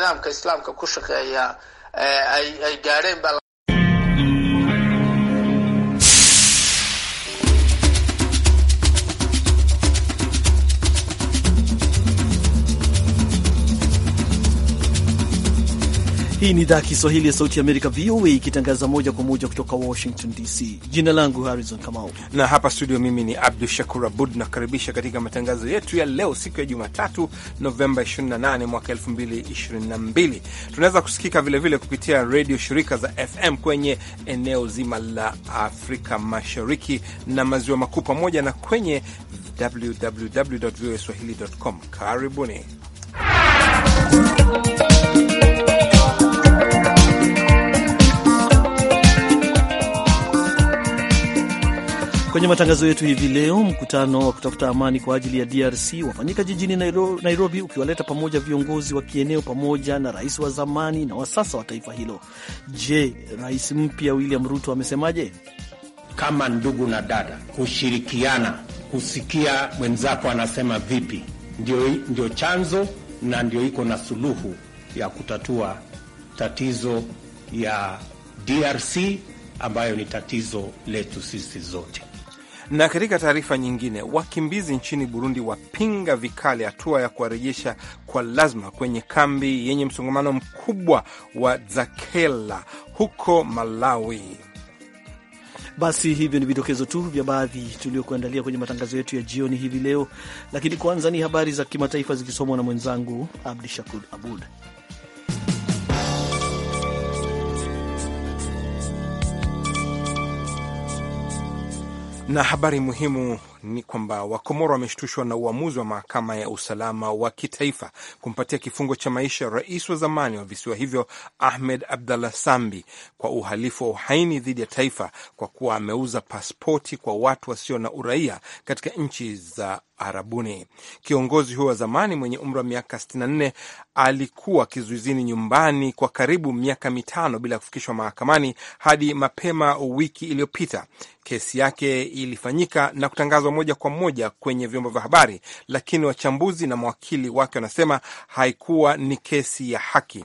nidaamka islaamka ku shaqeeya ay gaadheen baa Hii ni idhaa Kiswahili ya Sauti ya Amerika, VOA, ikitangaza moja kwa moja kutoka Washington DC. Jina langu Harrison Kamau na hapa studio, mimi ni Abdu Shakur Abud, nakukaribisha katika matangazo yetu ya leo, siku ya Jumatatu, Novemba 28 mwaka 2022. Tunaweza kusikika vilevile vile kupitia redio shirika za FM kwenye eneo zima la Afrika Mashariki na Maziwa Makuu, pamoja na kwenye www voa Karibuni Kwenye matangazo yetu hivi leo, mkutano wa kutafuta amani kwa ajili ya DRC wafanyika jijini Nairobi, ukiwaleta pamoja viongozi wa kieneo pamoja na rais wa zamani na wa sasa wa taifa hilo. Je, rais mpya William Ruto amesemaje? Kama ndugu na dada, kushirikiana, kusikia mwenzako anasema vipi, ndio, ndio chanzo na ndio iko na suluhu ya kutatua tatizo ya DRC ambayo ni tatizo letu sisi zote. Na katika taarifa nyingine, wakimbizi nchini Burundi wapinga vikali hatua ya kuwarejesha kwa lazima kwenye kambi yenye msongamano mkubwa wa Dzakela huko Malawi. Basi hivyo ni vidokezo tu vya baadhi tuliokuandalia kwenye matangazo yetu ya jioni hivi leo, lakini kwanza ni habari za kimataifa zikisomwa na mwenzangu Abdi Shakur Abud. na habari muhimu ni kwamba Wakomoro wameshtushwa na uamuzi wa mahakama ya usalama wa kitaifa kumpatia kifungo cha maisha rais wa zamani wa visiwa hivyo Ahmed Abdallah Sambi kwa uhalifu wa uhaini dhidi ya taifa kwa kuwa ameuza paspoti kwa watu wasio na uraia katika nchi za Arabuni. Kiongozi huyo wa zamani mwenye umri wa miaka 64 alikuwa kizuizini nyumbani kwa karibu miaka mitano bila kufikishwa mahakamani hadi mapema wiki iliyopita kesi yake ilifanyika na kutangazwa kuzungumzwa moja kwa moja kwenye vyombo vya habari, lakini wachambuzi na mawakili wake wanasema haikuwa ni kesi ya haki.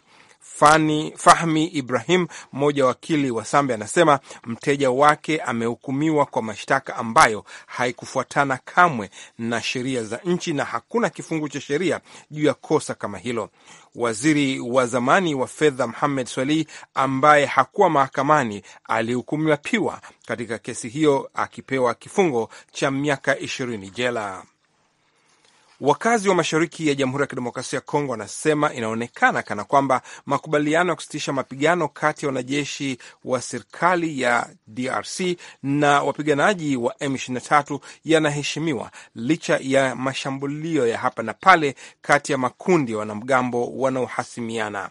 Fani Fahmi Ibrahim, mmoja wakili wa Sambe, anasema mteja wake amehukumiwa kwa mashtaka ambayo haikufuatana kamwe na sheria za nchi na hakuna kifungu cha sheria juu ya kosa kama hilo. Waziri wa zamani wa fedha Muhamed Swalih ambaye hakuwa mahakamani alihukumiwa piwa katika kesi hiyo akipewa kifungo cha miaka ishirini jela. Wakazi wa mashariki ya Jamhuri ya Kidemokrasia ya Kongo wanasema inaonekana kana kwamba makubaliano ya kusitisha mapigano kati ya wanajeshi wa serikali ya DRC na wapiganaji wa M23 yanaheshimiwa licha ya mashambulio ya hapa na pale kati ya makundi ya wanamgambo wanaohasimiana.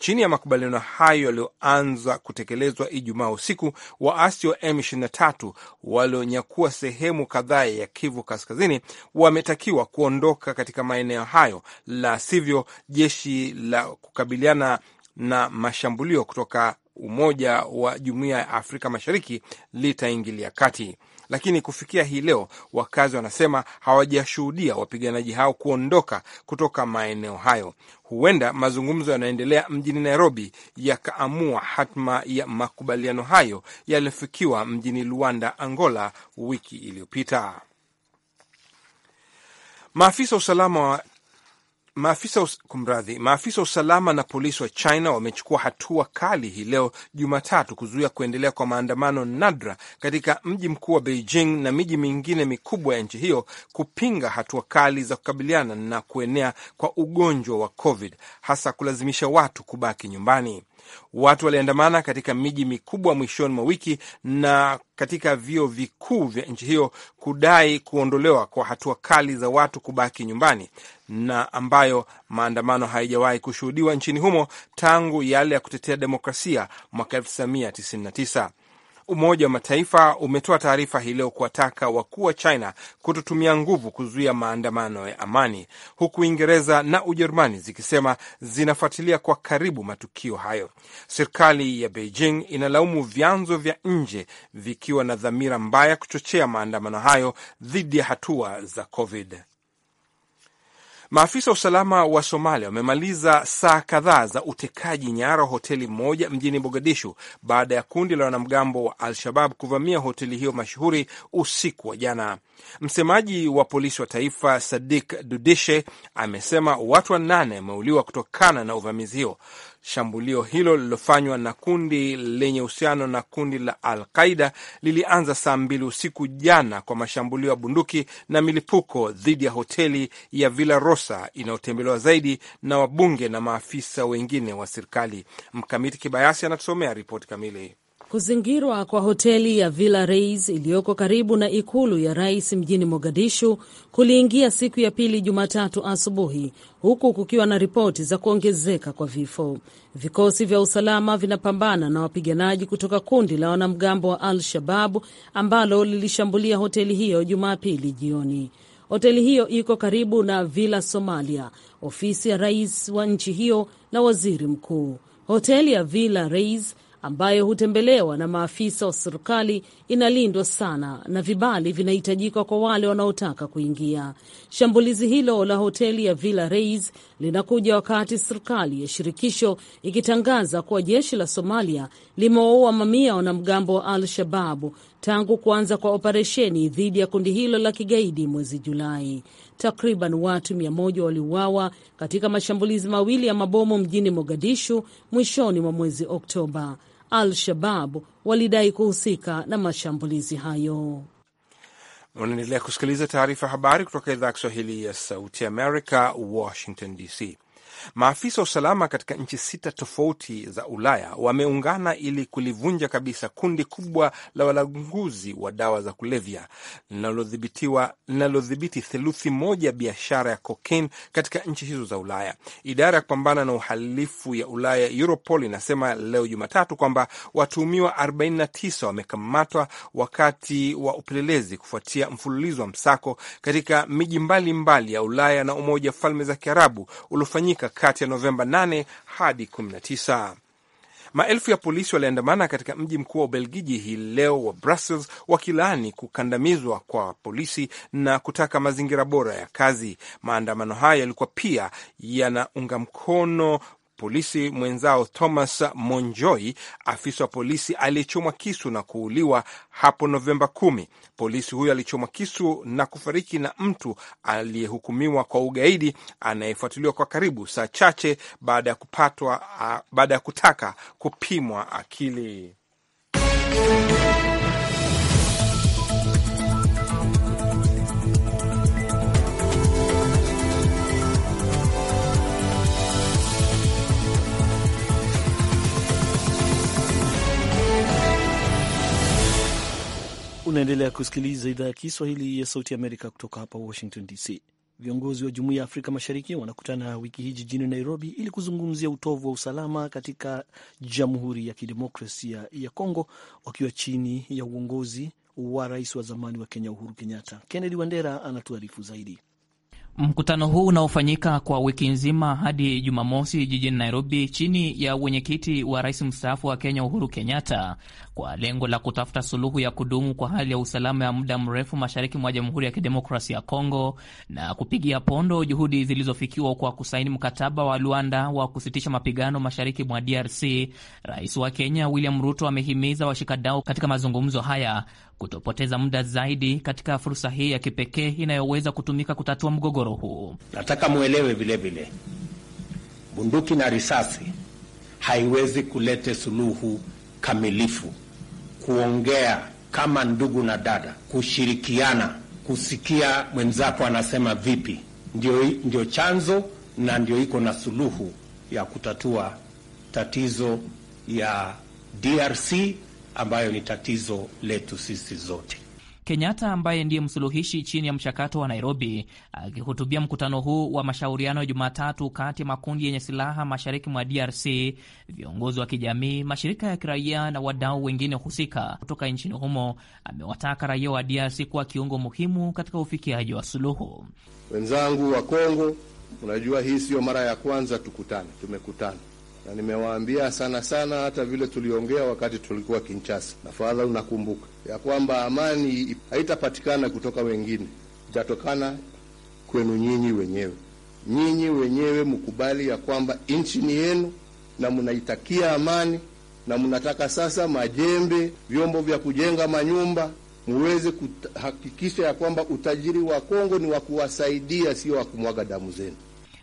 Chini ya makubaliano hayo yaliyoanza kutekelezwa Ijumaa usiku, waasi wa M23 walionyakua sehemu kadhaa ya Kivu Kaskazini wametakiwa kuondoka katika maeneo hayo, la sivyo jeshi la kukabiliana na mashambulio kutoka Umoja wa Jumuiya ya Afrika Mashariki litaingilia kati lakini kufikia hii leo wakazi wanasema hawajashuhudia wapiganaji hao kuondoka kutoka maeneo hayo. Huenda mazungumzo yanaendelea mjini Nairobi yakaamua hatma ya makubaliano hayo yaliyofikiwa mjini Luanda, Angola, wiki iliyopita. Maafisa wa usalama wa Maafisa kumradhi, maafisa wa usalama na polisi wa China wamechukua hatua kali hii leo Jumatatu kuzuia kuendelea kwa maandamano nadra katika mji mkuu wa Beijing na miji mingine mikubwa ya nchi hiyo kupinga hatua kali za kukabiliana na kuenea kwa ugonjwa wa COVID, hasa kulazimisha watu kubaki nyumbani. Watu waliandamana katika miji mikubwa mwishoni mwa wiki na katika vyuo vikuu vya nchi hiyo kudai kuondolewa kwa hatua kali za watu kubaki nyumbani, na ambayo maandamano hayajawahi kushuhudiwa nchini humo tangu yale ya kutetea demokrasia mwaka 1999. Umoja wa Mataifa umetoa taarifa hii leo kuwataka wakuu wa China kutotumia nguvu kuzuia maandamano ya amani, huku Uingereza na Ujerumani zikisema zinafuatilia kwa karibu matukio hayo. Serikali ya Beijing inalaumu vyanzo vya nje vikiwa na dhamira mbaya kuchochea maandamano hayo dhidi ya hatua za Covid. Maafisa wa usalama wa Somalia wamemaliza saa kadhaa za utekaji nyara wa hoteli moja mjini Mogadishu baada ya kundi la wanamgambo wa Al-Shabab kuvamia hoteli hiyo mashuhuri usiku wa jana. Msemaji wa polisi wa taifa Sadik Dudishe amesema watu wanane wameuliwa kutokana na uvamizi hiyo. Shambulio hilo lililofanywa na kundi lenye uhusiano na kundi la Al Qaida lilianza saa mbili usiku jana kwa mashambulio ya bunduki na milipuko dhidi ya hoteli ya Villa Rosa inayotembelewa zaidi na wabunge na maafisa wengine wa serikali. Mkamiti Kibayasi anatusomea ripoti kamili. Kuzingirwa kwa hoteli ya Villa Reis iliyoko karibu na ikulu ya rais mjini Mogadishu kuliingia siku ya pili Jumatatu asubuhi, huku kukiwa na ripoti za kuongezeka kwa vifo. Vikosi vya usalama vinapambana na wapiganaji kutoka kundi la wanamgambo wa Al-Shababu ambalo lilishambulia hoteli hiyo Jumapili jioni. Hoteli hiyo iko karibu na Villa Somalia, ofisi ya rais wa nchi hiyo na waziri mkuu. Hoteli ya Villa Reis ambayo hutembelewa na maafisa wa serikali inalindwa sana na vibali vinahitajika kwa wale wanaotaka kuingia. Shambulizi hilo la hoteli ya Villa Reis linakuja wakati serikali ya shirikisho ikitangaza kuwa jeshi la Somalia limewaua mamia wanamgambo wa Al Shababu tangu kuanza kwa operesheni dhidi ya kundi hilo la kigaidi mwezi Julai. Takriban watu mia moja waliuawa katika mashambulizi mawili ya mabomu mjini Mogadishu mwishoni mwa mwezi Oktoba. Al-Shabab walidai kuhusika na mashambulizi hayo. Unaendelea kusikiliza taarifa habari kutoka idhaa ya Kiswahili ya Sauti Amerika, Washington DC. Maafisa wa usalama katika nchi sita tofauti za Ulaya wameungana ili kulivunja kabisa kundi kubwa la walanguzi wa dawa za kulevya linalodhibiti theluthi moja ya biashara ya kokain katika nchi hizo za Ulaya. Idara ya kupambana na uhalifu ya Ulaya, Europol, inasema leo Jumatatu kwamba watuhumiwa 49 wamekamatwa wakati wa upelelezi kufuatia mfululizo wa msako katika miji mbalimbali ya Ulaya na Umoja wa Falme za Kiarabu uliofanyika kati ya Novemba 8 hadi 19. Maelfu ya polisi waliandamana katika mji mkuu wa Ubelgiji hii leo wa Brussels, wakilaani kukandamizwa kwa polisi na kutaka mazingira bora ya kazi. Maandamano haya yalikuwa pia yanaunga mkono polisi mwenzao Thomas Monjoi, afisa wa polisi aliyechomwa kisu na kuuliwa hapo Novemba kumi. Polisi huyo alichomwa kisu na kufariki na mtu aliyehukumiwa kwa ugaidi anayefuatiliwa kwa karibu, saa chache baada ya kupatwa, baada ya kutaka kupimwa akili Unaendelea kusikiliza idhaa ya Kiswahili ya Sauti Amerika kutoka hapa Washington DC. Viongozi wa Jumuiya ya Afrika Mashariki wanakutana wiki hii jijini Nairobi ili kuzungumzia utovu wa usalama katika Jamhuri ya Kidemokrasia ya Kongo, wakiwa chini ya uongozi wa rais wa zamani wa Kenya Uhuru Kenyatta. Kennedy Wandera anatuarifu zaidi. Mkutano huu unaofanyika kwa wiki nzima hadi Jumamosi jijini Nairobi, chini ya wenyekiti wa rais mstaafu wa Kenya Uhuru Kenyatta, kwa lengo la kutafuta suluhu ya kudumu kwa hali ya usalama ya muda mrefu mashariki mwa Jamhuri ya Kidemokrasia ya Kongo na kupigia pondo juhudi zilizofikiwa kwa kusaini mkataba wa Luanda wa kusitisha mapigano mashariki mwa DRC, rais wa Kenya William Ruto amehimiza washikadao washikadau katika mazungumzo haya kutopoteza muda zaidi katika fursa hii ya kipekee inayoweza kutumika kutatua mgogoro huu. Nataka mwelewe vilevile, bunduki na risasi haiwezi kulete suluhu kamilifu. Kuongea kama ndugu na dada, kushirikiana, kusikia mwenzako anasema vipi, ndio, ndio chanzo na ndio iko na suluhu ya kutatua tatizo ya DRC ambayo ni tatizo letu sisi zote. Kenyatta ambaye ndiye msuluhishi chini ya mchakato wa Nairobi, akihutubia mkutano huu wa mashauriano ya Jumatatu kati ya makundi yenye silaha mashariki mwa DRC, viongozi wa kijamii, mashirika ya kiraia na wadau wengine husika kutoka nchini humo, amewataka raia wa DRC kuwa kiungo muhimu katika ufikiaji wa suluhu. Wenzangu wa Kongo, unajua hii siyo mara ya kwanza tukutane, tumekutana na nimewaambia sana sana, hata vile tuliongea wakati tulikuwa Kinshasa, nafadhali unakumbuka ya kwamba amani haitapatikana kutoka wengine, itatokana kwenu nyinyi wenyewe. Nyinyi wenyewe mkubali ya kwamba nchi ni yenu na mnaitakia amani, na mnataka sasa majembe, vyombo vya kujenga manyumba, muweze kuhakikisha ya kwamba utajiri wa Kongo ni wa kuwasaidia, sio wa kumwaga damu zenu.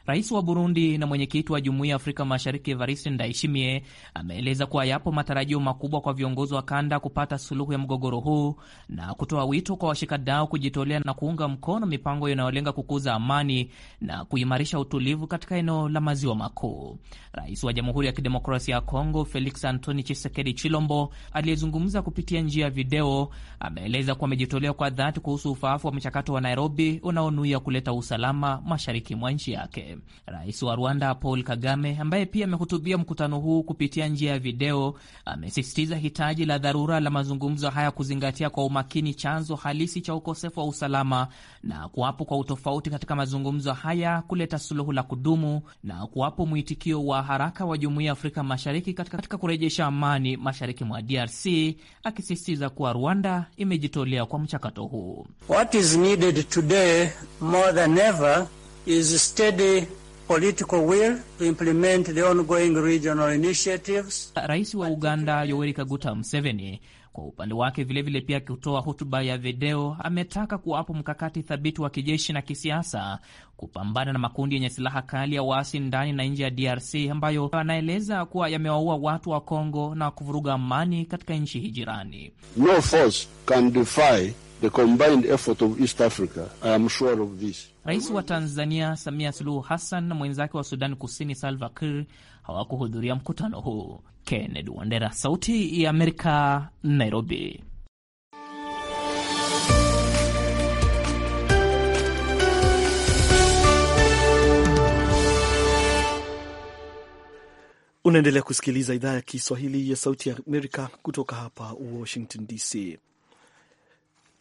Rais wa Burundi na mwenyekiti wa Jumuiya ya Afrika Mashariki Evariste Ndayishimiye ameeleza kuwa yapo matarajio makubwa kwa viongozi wa kanda kupata suluhu ya mgogoro huu na kutoa wito kwa washikadau kujitolea na kuunga mkono mipango inayolenga kukuza amani na kuimarisha utulivu katika eneo la maziwa makuu. Rais wa Jamhuri ya Kidemokrasia ya Kongo Felix Antoni Chisekedi Chilombo aliyezungumza kupitia njia ya video ameeleza kuwa amejitolea kwa dhati kuhusu ufaafu wa mchakato wa Nairobi unaonuia kuleta usalama mashariki mwa nchi yake. Rais wa Rwanda Paul Kagame, ambaye pia amehutubia mkutano huu kupitia njia ya video, amesisitiza hitaji la dharura la mazungumzo haya kuzingatia kwa umakini chanzo halisi cha ukosefu wa usalama na kuwapo kwa utofauti katika mazungumzo haya kuleta suluhu la kudumu na kuwapo mwitikio wa haraka wa Jumuiya ya Afrika Mashariki katika, katika kurejesha amani mashariki mwa DRC, akisisitiza kuwa Rwanda imejitolea kwa mchakato huu. What is needed today more than ever is a steady political will to implement the ongoing regional initiatives. Rais wa Uganda Yoweri Kaguta Museveni kwa upande wake vilevile vile pia akitoa hotuba ya video ametaka kuwapo mkakati thabiti wa kijeshi na kisiasa kupambana na makundi yenye silaha kali ya waasi ndani na nje ya DRC ambayo anaeleza kuwa yamewaua watu wa Kongo na kuvuruga amani katika nchi hii jirani. No force can defy the combined effort of East Africa. I am sure of this. Rais wa Tanzania Samia Suluhu Hassan na mwenzake wa Sudani Kusini Salva Kiir hawakuhudhuria mkutano huu. Kennedy Wandera, Sauti ya Amerika, Nairobi. Unaendelea kusikiliza idhaa ya Kiswahili ya Sauti ya Amerika kutoka hapa Washington DC.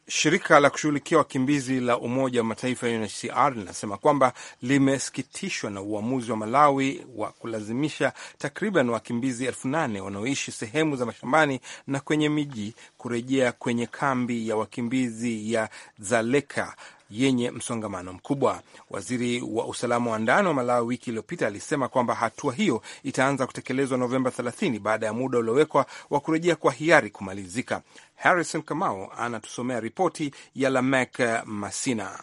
Shirika la kushughulikia wakimbizi la Umoja wa Mataifa UNHCR linasema kwamba limesikitishwa na uamuzi wa Malawi wa kulazimisha takriban wakimbizi elfu nane wanaoishi sehemu za mashambani na kwenye miji kurejea kwenye kambi ya wakimbizi ya zaleka yenye msongamano mkubwa. Waziri wa usalama wa ndani wa Malawi wiki iliyopita alisema kwamba hatua hiyo itaanza kutekelezwa Novemba 30 baada ya muda uliowekwa wa kurejea kwa hiari kumalizika. Harrison Kamau anatusomea ripoti ya Lamek Masina.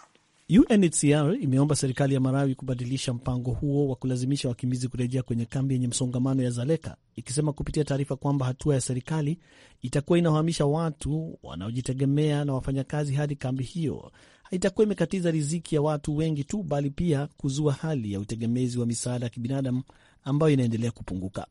UNHCR imeomba serikali ya Malawi kubadilisha mpango huo wa kulazimisha wakimbizi kurejea kwenye kambi yenye msongamano ya Zaleka, ikisema kupitia taarifa kwamba hatua ya serikali itakuwa inahamisha watu wanaojitegemea na wafanyakazi hadi kambi hiyo itakuwa imekatiza riziki ya watu wengi tu, bali pia kuzua hali ya utegemezi wa misaada ya kibinadamu ambayo inaendelea kupunguka.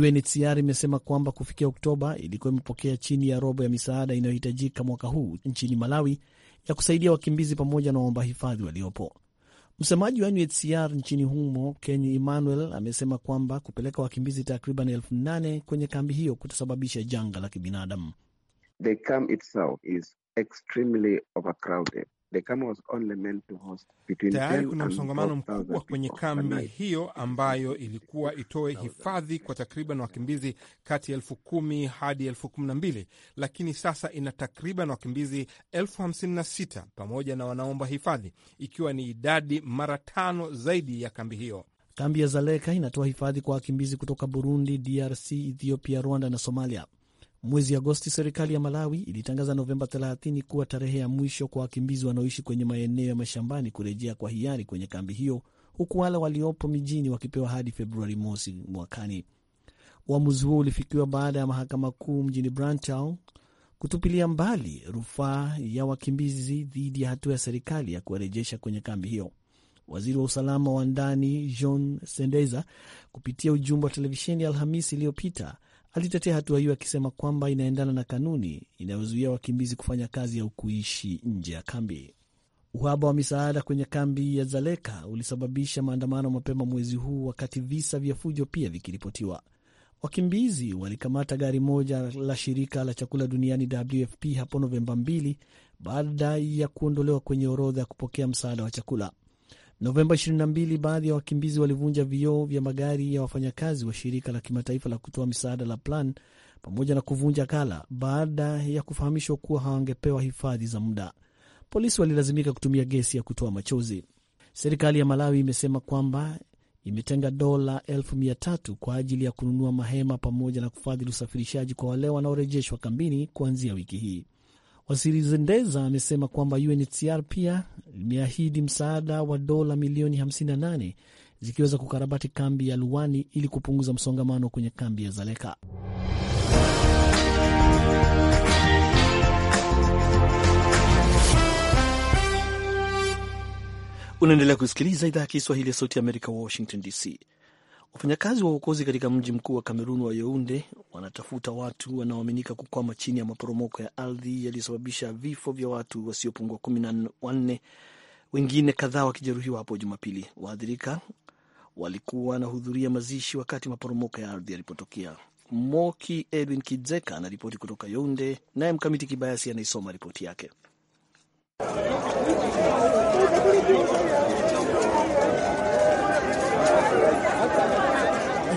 UNHCR imesema kwamba kufikia Oktoba ilikuwa imepokea chini ya robo ya misaada inayohitajika mwaka huu nchini Malawi ya kusaidia wakimbizi pamoja na waomba hifadhi waliopo. Msemaji wa UNHCR nchini humo Ken Emmanuel amesema kwamba kupeleka wakimbizi takriban elfu nane kwenye kambi hiyo kutasababisha janga la kibinadamu. The camp itself is extremely overcrowded. Tayari kuna msongamano mkubwa kwenye kambi hiyo ambayo ilikuwa itoe hifadhi kwa takriban wakimbizi kati ya elfu kumi hadi elfu kumi na mbili lakini sasa ina takriban wakimbizi elfu hamsini na sita pamoja na wanaomba hifadhi, ikiwa ni idadi mara tano zaidi ya kambi hiyo. Kambi ya Zaleka inatoa hifadhi kwa wakimbizi kutoka Burundi, DRC, Ethiopia, Rwanda na Somalia. Mwezi Agosti, serikali ya Malawi ilitangaza Novemba 30 kuwa tarehe ya mwisho kwa wakimbizi wanaoishi kwenye maeneo ya mashambani kurejea kwa hiari kwenye kambi hiyo, huku wale waliopo mijini wakipewa hadi Februari mosi mwakani. Uamuzi huo ulifikiwa baada ya mahakama kuu mjini Brantown kutupilia mbali rufaa ya wakimbizi dhidi ya hatua ya serikali ya kuwarejesha kwenye kambi hiyo. Waziri wa usalama wa ndani John Sendeza, kupitia ujumbe wa televisheni Alhamisi iliyopita, alitetea hatua hiyo akisema kwamba inaendana na kanuni inayozuia wakimbizi kufanya kazi au kuishi nje ya kambi. Uhaba wa misaada kwenye kambi ya Zaleka ulisababisha maandamano mapema mwezi huu, wakati visa vya fujo pia vikiripotiwa. Wakimbizi walikamata gari moja la shirika la chakula duniani WFP hapo Novemba 2 baada ya kuondolewa kwenye orodha ya kupokea msaada wa chakula. Novemba 22, baadhi ya wakimbizi walivunja vioo vya magari ya wafanyakazi wa shirika la kimataifa la kutoa misaada la Plan pamoja na kuvunja kala baada ya kufahamishwa kuwa hawangepewa hifadhi za muda. Polisi walilazimika kutumia gesi ya kutoa machozi. Serikali ya Malawi imesema kwamba imetenga dola elfu mia tatu kwa ajili ya kununua mahema pamoja na kufadhili usafirishaji kwa wale wanaorejeshwa kambini kuanzia wiki hii. Waziri Zendeza amesema kwamba UNHCR pia imeahidi msaada wa dola milioni 58 zikiweza kukarabati kambi ya Luwani ili kupunguza msongamano kwenye kambi ya Zaleka. Unaendelea kusikiliza idhaa ya Kiswahili ya Sauti ya Amerika, Washington DC. Wafanyakazi wa uokozi katika mji mkuu wa Kamerun wa younde wanatafuta watu wanaoaminika kukwama chini ya maporomoko ya ardhi yaliyosababisha vifo vya watu wasiopungua kumi na wanne, wengine kadhaa wakijeruhiwa hapo Jumapili. Waathirika walikuwa wanahudhuria mazishi wakati maporomoko ya ardhi yalipotokea. Moki Edwin Kidzeka anaripoti kutoka younde naye Mkamiti Kibayasi anaisoma ripoti yake.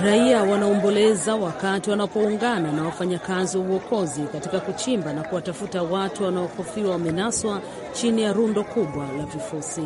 Raia wanaomboleza wakati wanapoungana na wafanyakazi wa uokozi katika kuchimba na kuwatafuta watu wanaohofiwa wamenaswa chini ya rundo kubwa la vifusi.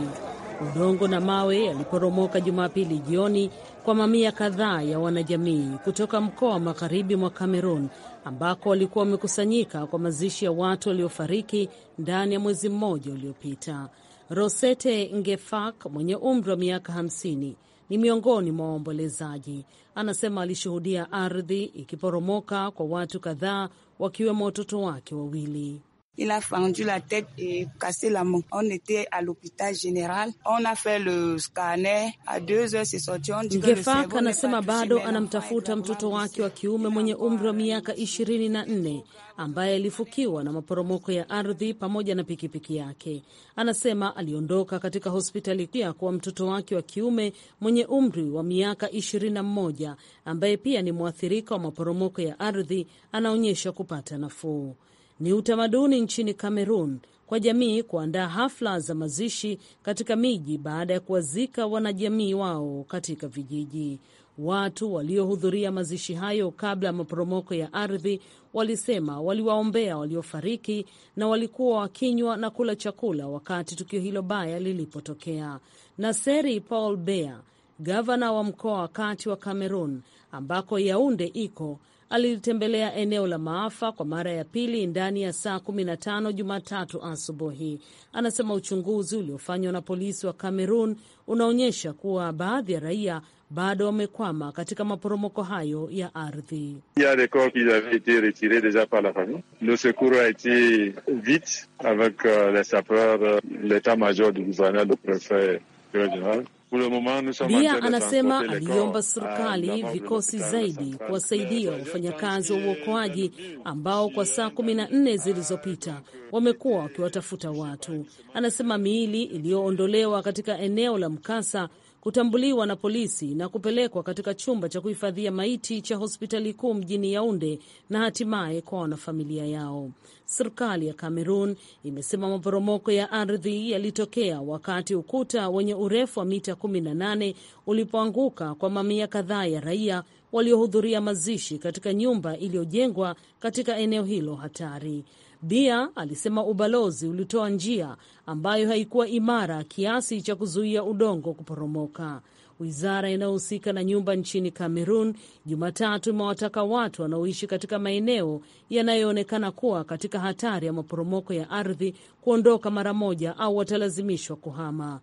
Udongo na mawe yaliporomoka Jumapili jioni kwa mamia kadhaa ya wanajamii kutoka mkoa wa magharibi mwa Kamerun ambako walikuwa wamekusanyika kwa mazishi ya watu waliofariki ndani ya mwezi mmoja uliopita. Rosete Ngefak mwenye umri wa miaka hamsini ni miongoni mwa waombolezaji. Anasema alishuhudia ardhi ikiporomoka kwa watu kadhaa, wakiwemo watoto wake wawili. Il a fendu la tête et cassé la main. On était à l'hôpital général. On a fait le scanner. À deux heures, c'est sorti. Ngefak anasema bado anamtafuta mtoto wake wa kiume mwenye umri wa miaka ishirini na nne ambaye alifukiwa na maporomoko ya ardhi pamoja na pikipiki yake. Anasema aliondoka katika hospitali pia kwa mtoto wake wa kiume mwenye umri wa miaka ishirini na mmoja ambaye pia ni mwathirika wa maporomoko ya ardhi, anaonyesha kupata nafuu. Ni utamaduni nchini Kamerun kwa jamii kuandaa hafla za mazishi katika miji baada ya kuwazika wanajamii wao katika vijiji. Watu waliohudhuria mazishi hayo kabla ya maporomoko ya ardhi walisema waliwaombea waliofariki na walikuwa wakinywa na kula chakula wakati tukio hilo baya lilipotokea. Naseri Paul Bea, gavana wa mkoa wa kati wa cameron ambako Yaunde iko, alilitembelea eneo la maafa kwa mara ya pili ndani ya saa 15 Jumatatu asubuhi. Anasema uchunguzi uliofanywa na polisi wa cameroon unaonyesha kuwa baadhi ya raia bado wamekwama katika maporomoko hayo ya ardhi bia anasema aliomba serikali vikosi zaidi kuwasaidia wafanyakazi wa uokoaji ambao kwa saa kumi na nne zilizopita wamekuwa wakiwatafuta watu. Anasema miili iliyoondolewa katika eneo la mkasa kutambuliwa na polisi na kupelekwa katika chumba cha kuhifadhia maiti cha hospitali kuu mjini Yaunde na hatimaye kwa wanafamilia yao. Serikali ya Kamerun imesema maporomoko ya ardhi yalitokea wakati ukuta wenye urefu wa mita 18 ulipoanguka kwa mamia kadhaa ya raia waliohudhuria mazishi katika nyumba iliyojengwa katika eneo hilo hatari. Bia alisema ubalozi ulitoa njia ambayo haikuwa imara kiasi cha kuzuia udongo kuporomoka. Wizara inayohusika na nyumba nchini Kamerun Jumatatu imewataka watu wanaoishi katika maeneo yanayoonekana kuwa katika hatari ya maporomoko ya ardhi kuondoka mara moja au watalazimishwa kuhama.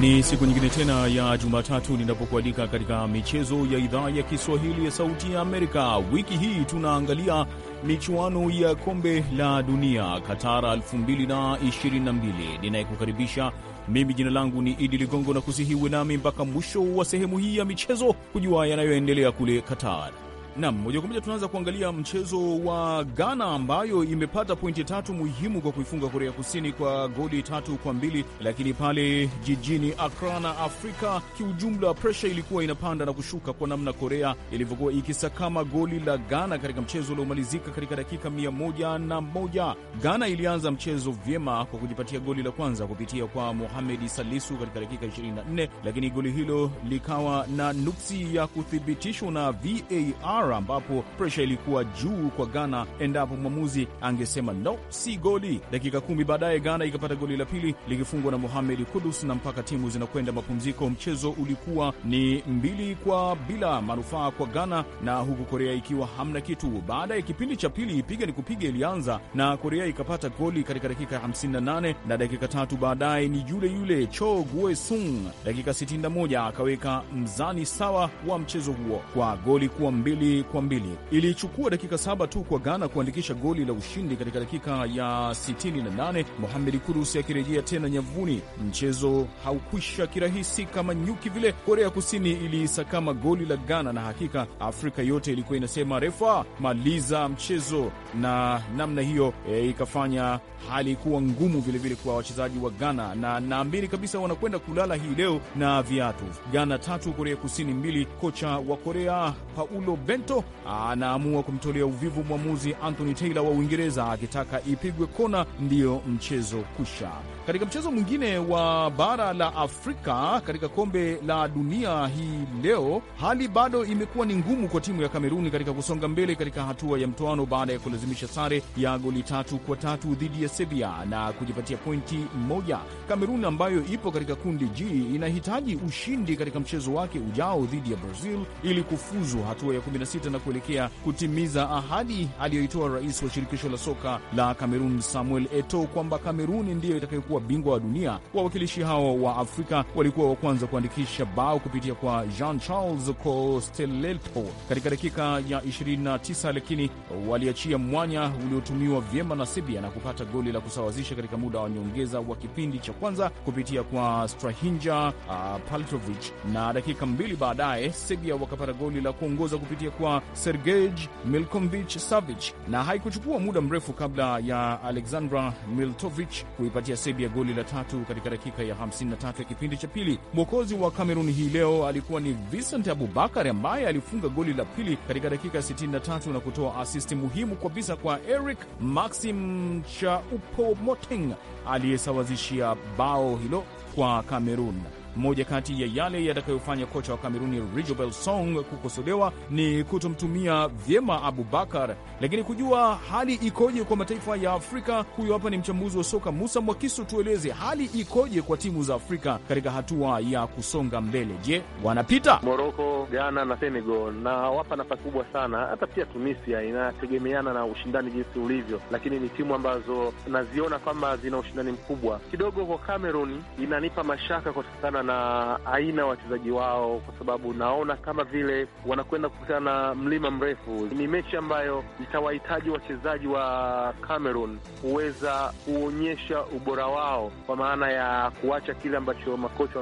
Ni siku nyingine tena ya Jumatatu ninapokualika katika michezo ya idhaa ya Kiswahili ya Sauti ya Amerika. Wiki hii tunaangalia michuano ya kombe la dunia Katara 2022. Ninayekukaribisha mimi, jina langu ni Idi Ligongo, na kusihiwe nami mpaka mwisho wa sehemu hii ya michezo kujua yanayoendelea kule Qatar. Nam, moja kwa moja tunaanza kuangalia mchezo wa Ghana ambayo imepata pointi tatu muhimu kwa kuifunga Korea Kusini kwa goli tatu kwa mbili, lakini pale jijini Accra na Afrika kiujumla, presha ilikuwa inapanda na kushuka kwa namna Korea ilivyokuwa ikisakama goli la Ghana katika mchezo uliomalizika katika dakika mia moja na moja. Ghana ilianza mchezo vyema kwa kujipatia goli la kwanza kupitia kwa Mohamed Salisu katika dakika 24, lakini goli hilo likawa na nuksi ya kuthibitishwa na VAR mara ambapo presha ilikuwa juu kwa Ghana endapo mwamuzi angesema no, si goli. Dakika kumi baadaye Ghana ikapata goli la pili likifungwa na Mohamed Kudus, na mpaka timu zinakwenda mapumziko, mchezo ulikuwa ni mbili kwa bila manufaa kwa Ghana, na huku Korea ikiwa hamna kitu. Baada ya kipindi cha pili, piga ni kupiga ilianza na Korea ikapata goli katika dakika 58 na dakika tatu baadaye ni yule yule Cho Gue Sung dakika 61 akaweka mzani sawa wa mchezo huo kwa goli kuwa mbili kwa mbili. Ilichukua dakika saba tu kwa Ghana kuandikisha goli la ushindi katika dakika ya 68, Mohamed kurusi akirejea tena nyavuni. Mchezo haukwisha kirahisi kama nyuki vile. Korea Kusini ilisakama goli la Ghana, na hakika Afrika yote ilikuwa inasema refa, maliza mchezo, na namna hiyo e, ikafanya hali kuwa ngumu vilevile kwa wachezaji wa Ghana, na naambiri kabisa wanakwenda kulala hii leo na viatu. Ghana tatu Korea Kusini mbili. Kocha wa Korea Paulo Ben Trento anaamua kumtolea uvivu mwamuzi Anthony Taylor wa Uingereza akitaka ipigwe kona, ndiyo mchezo kusha katika mchezo mwingine wa bara la Afrika katika kombe la dunia hii leo, hali bado imekuwa ni ngumu kwa timu ya Kameruni katika kusonga mbele katika hatua ya mtoano baada ya kulazimisha sare ya goli tatu kwa tatu dhidi ya Serbia na kujipatia pointi moja. Kameruni ambayo ipo katika kundi G inahitaji ushindi katika mchezo wake ujao dhidi ya Brazil ili kufuzu hatua ya 16 na kuelekea kutimiza ahadi aliyoitoa rais wa shirikisho la soka la Kamerun Samuel Eto'o kwamba Kameruni ndiyo itakayokuwa kuwa bingwa wa dunia. Wawakilishi hao wa Afrika walikuwa wa kwanza kuandikisha bao kupitia kwa Jean Charles Costelelto katika dakika ya 29, lakini waliachia mwanya uliotumiwa vyema na Serbia na kupata goli la kusawazisha katika muda wa nyongeza wa kipindi cha kwanza kupitia kwa Strahinja uh, Paltovich, na dakika mbili baadaye Serbia wakapata goli la kuongoza kupitia kwa Sergej Milkovic Savic, na haikuchukua muda mrefu kabla ya Aleksandra miltovich kuipatia Serbia aliingia goli la tatu katika dakika ya 53 ya kipindi cha pili. Mwokozi wa Kamerun hii leo alikuwa ni Vincent Abubakar ambaye alifunga goli la pili katika dakika ya 63 na kutoa asisti muhimu kabisa kwa Eric Maxim Chaupo moting aliyesawazishia bao hilo kwa Kamerun. Moja kati ya yale yatakayofanya kocha wa Kameruni Rigobert Song kukosolewa ni kutomtumia vyema Abubakar. Lakini kujua hali ikoje kwa mataifa ya Afrika, huyo hapa ni mchambuzi wa soka Musa Mwakisu. Tueleze hali ikoje kwa timu za Afrika katika hatua ya kusonga mbele. Je, wanapita Moroko, Ghana na Senegal na wapa nafasi kubwa sana, hata pia Tunisia. Inategemeana na ushindani jinsi ulivyo, lakini ni timu ambazo naziona kwamba zina ushindani mkubwa kidogo. Kwa Kameruni inanipa mashaka kutokana wana aina wachezaji wao, kwa sababu naona kama vile wanakwenda kukutana na mlima mrefu. Ni mechi ambayo itawahitaji wachezaji wa Cameroon kuweza kuonyesha ubora wao, kwa maana ya kuacha kile ambacho makocha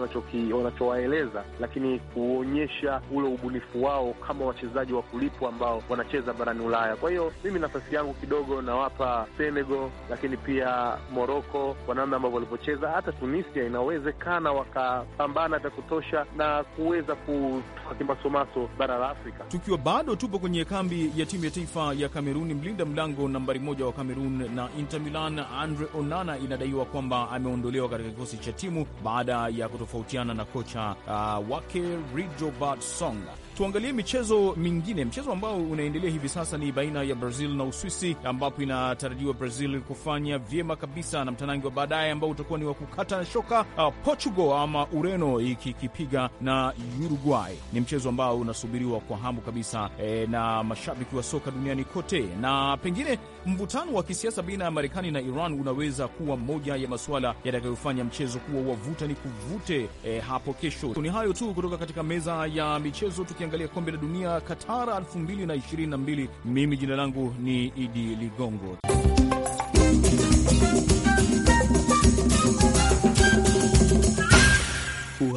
wanachowaeleza, lakini kuonyesha ule ubunifu wao kama wachezaji wa kulipwa ambao wanacheza barani Ulaya. Kwa hiyo mimi nafasi yangu kidogo nawapa Senegal, lakini pia Moroko kwa namna ambavyo walivyocheza, hata Tunisia inawezekana waka kupambana vya kutosha na kuweza kutoka kimasomaso bara la Afrika. Tukiwa bado tupo kwenye kambi ya timu ya taifa ya Kameruni, mlinda mlango nambari moja wa Kamerun na Inter Milan Andre Onana inadaiwa kwamba ameondolewa katika kikosi cha timu baada ya kutofautiana na kocha uh, wake Rijobert Songa. Tuangalie michezo mingine. Mchezo ambao unaendelea hivi sasa ni baina ya Brazil na Uswisi, ambapo inatarajiwa Brazil kufanya vyema kabisa, na mtanangi wa baadaye ambao utakuwa ni wa kukata na shoka, uh, Portugal ama Ureno ikikipiga na Uruguay. Ni mchezo ambao unasubiriwa kwa hamu kabisa, eh, na mashabiki wa soka duniani kote na pengine Mvutano wa kisiasa baina ya Marekani na Iran unaweza kuwa moja ya masuala yatakayofanya mchezo kuwa wavuta ni kuvute e, hapo kesho. Ni hayo tu kutoka katika meza ya michezo, tukiangalia kombe la dunia Katara 2022. Mimi jina langu ni Idi Ligongo.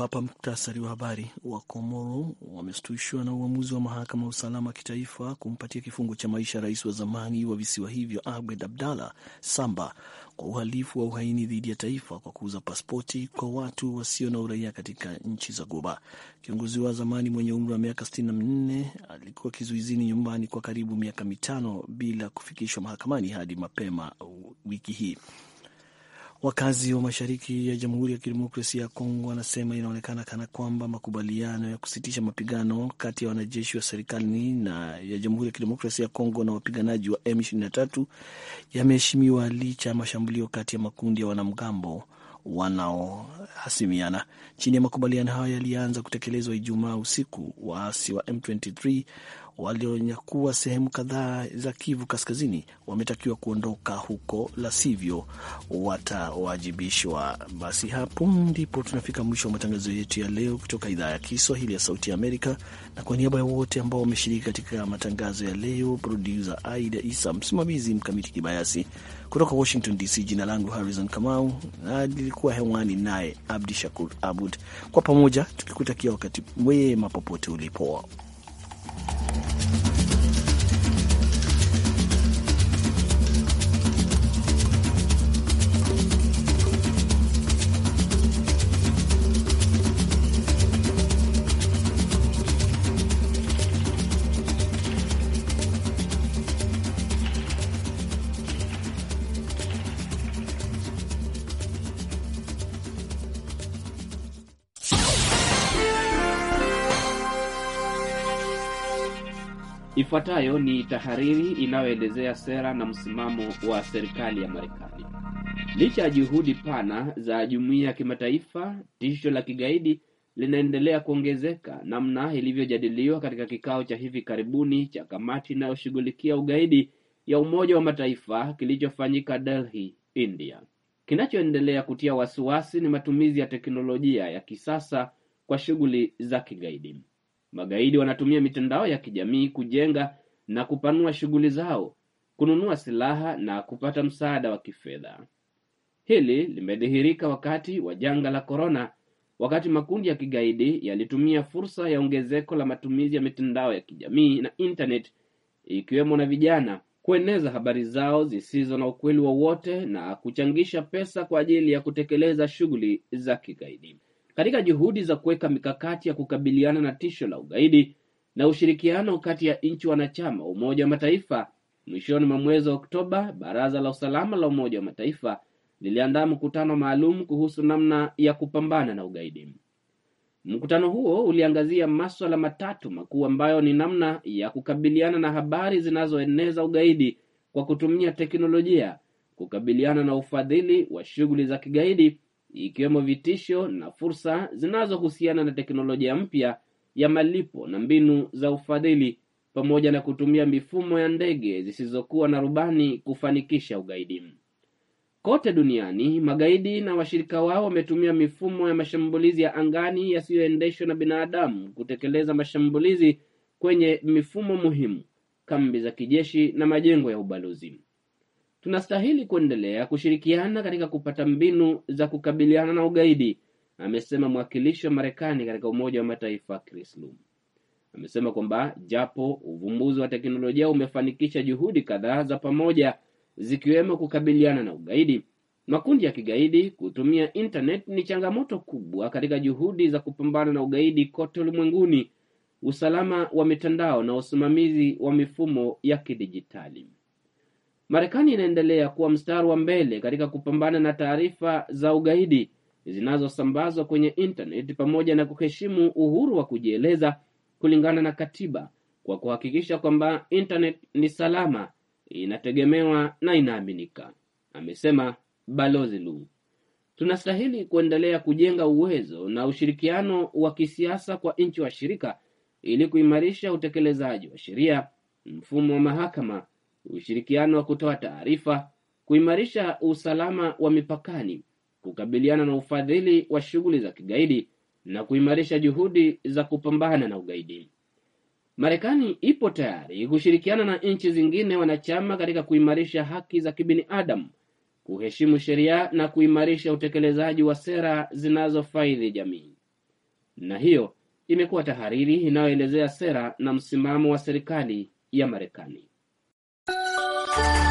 hapa muktasari wa habari. Wa Komoro wameshtushwa na uamuzi wa mahakama ya usalama kitaifa kumpatia kifungo cha maisha rais wa zamani wa visiwa hivyo Ahmed Abdalla Samba kwa uhalifu wa uhaini dhidi ya taifa kwa kuuza paspoti kwa watu wasio na uraia katika nchi za Goba. Kiongozi wa zamani mwenye umri wa miaka 64 alikuwa kizuizini nyumbani kwa karibu miaka mitano bila kufikishwa mahakamani hadi mapema wiki hii. Wakazi wa mashariki ya Jamhuri ya Kidemokrasia ya Kongo wanasema inaonekana kana kwamba makubaliano ya kusitisha mapigano kati ya wanajeshi wa serikali na ya Jamhuri ya Kidemokrasia ya Kongo na wapiganaji wa M23 yameheshimiwa licha ya mashambulio kati ya makundi ya wanamgambo wanaohasimiana. Chini ya makubaliano hayo yalianza kutekelezwa Ijumaa usiku, waasi wa M23 walionyakua sehemu kadhaa za Kivu Kaskazini wametakiwa kuondoka huko, la sivyo watawajibishwa. Basi hapo ndipo tunafika mwisho wa matangazo yetu ya leo kutoka idhaa ya Kiswahili ya Sauti ya Amerika, na kwa niaba ya wote ambao wameshiriki katika matangazo ya leo, produsa Aida Isa, msimamizi Mkamiti Kibayasi kutoka Washington DC. Jina langu Harrison Kamau na lilikuwa hewani naye Abdi Shakur Abud, kwa pamoja tukikutakia wakati mwema popote ulipo. Ifuatayo ni tahariri inayoelezea sera na msimamo wa serikali ya Marekani. Licha ya juhudi pana za jumuiya ya kimataifa, tisho la kigaidi linaendelea kuongezeka, namna ilivyojadiliwa katika kikao cha hivi karibuni cha kamati inayoshughulikia ugaidi ya Umoja wa Mataifa kilichofanyika Delhi, India. Kinachoendelea kutia wasiwasi ni matumizi ya teknolojia ya kisasa kwa shughuli za kigaidi. Magaidi wanatumia mitandao ya kijamii kujenga na kupanua shughuli zao, kununua silaha na kupata msaada wa kifedha. Hili limedhihirika wakati wa janga la korona, wakati makundi ya kigaidi yalitumia fursa ya ongezeko la matumizi ya mitandao ya kijamii na internet, ikiwemo na vijana kueneza habari zao zisizo na ukweli wowote na kuchangisha pesa kwa ajili ya kutekeleza shughuli za kigaidi katika juhudi za kuweka mikakati ya kukabiliana na tisho la ugaidi na ushirikiano kati ya nchi wanachama wa Umoja wa Mataifa. Mwishoni mwa mwezi wa Oktoba, Baraza la Usalama la Umoja wa Mataifa liliandaa mkutano maalum kuhusu namna ya kupambana na ugaidi. Mkutano huo uliangazia maswala matatu makuu ambayo ni namna ya kukabiliana na habari zinazoeneza ugaidi kwa kutumia teknolojia, kukabiliana na ufadhili wa shughuli za kigaidi ikiwemo vitisho na fursa zinazohusiana na teknolojia mpya ya malipo na mbinu za ufadhili pamoja na kutumia mifumo ya ndege zisizokuwa na rubani kufanikisha ugaidi. Kote duniani, magaidi na washirika wao wametumia mifumo ya mashambulizi ya angani yasiyoendeshwa na binadamu kutekeleza mashambulizi kwenye mifumo muhimu, kambi za kijeshi na majengo ya ubalozi tunastahili kuendelea kushirikiana katika kupata mbinu za kukabiliana na ugaidi, amesema mwakilishi wa Marekani katika Umoja wa Mataifa Chris Amesema kwamba japo uvumbuzi wa teknolojia umefanikisha juhudi kadhaa za pamoja, zikiwemo kukabiliana na ugaidi, makundi ya kigaidi kutumia internet ni changamoto kubwa katika juhudi za kupambana na ugaidi kote ulimwenguni, usalama wa mitandao na usimamizi wa mifumo ya kidijitali. Marekani inaendelea kuwa mstari wa mbele katika kupambana na taarifa za ugaidi zinazosambazwa kwenye intaneti pamoja na kuheshimu uhuru wa kujieleza kulingana na katiba kwa kuhakikisha kwamba intaneti ni salama, inategemewa na inaaminika, amesema Balozi Lu. Tunastahili kuendelea kujenga uwezo na ushirikiano wa kisiasa kwa nchi washirika ili kuimarisha utekelezaji wa sheria, mfumo wa mahakama ushirikiano wa kutoa taarifa, kuimarisha usalama wa mipakani, kukabiliana na ufadhili wa shughuli za kigaidi na kuimarisha juhudi za kupambana na ugaidi. Marekani ipo tayari kushirikiana na nchi zingine wanachama katika kuimarisha haki za kibinadamu, kuheshimu sheria na kuimarisha utekelezaji wa sera zinazofaidhi jamii. Na hiyo imekuwa tahariri inayoelezea sera na msimamo wa serikali ya Marekani. Thank you.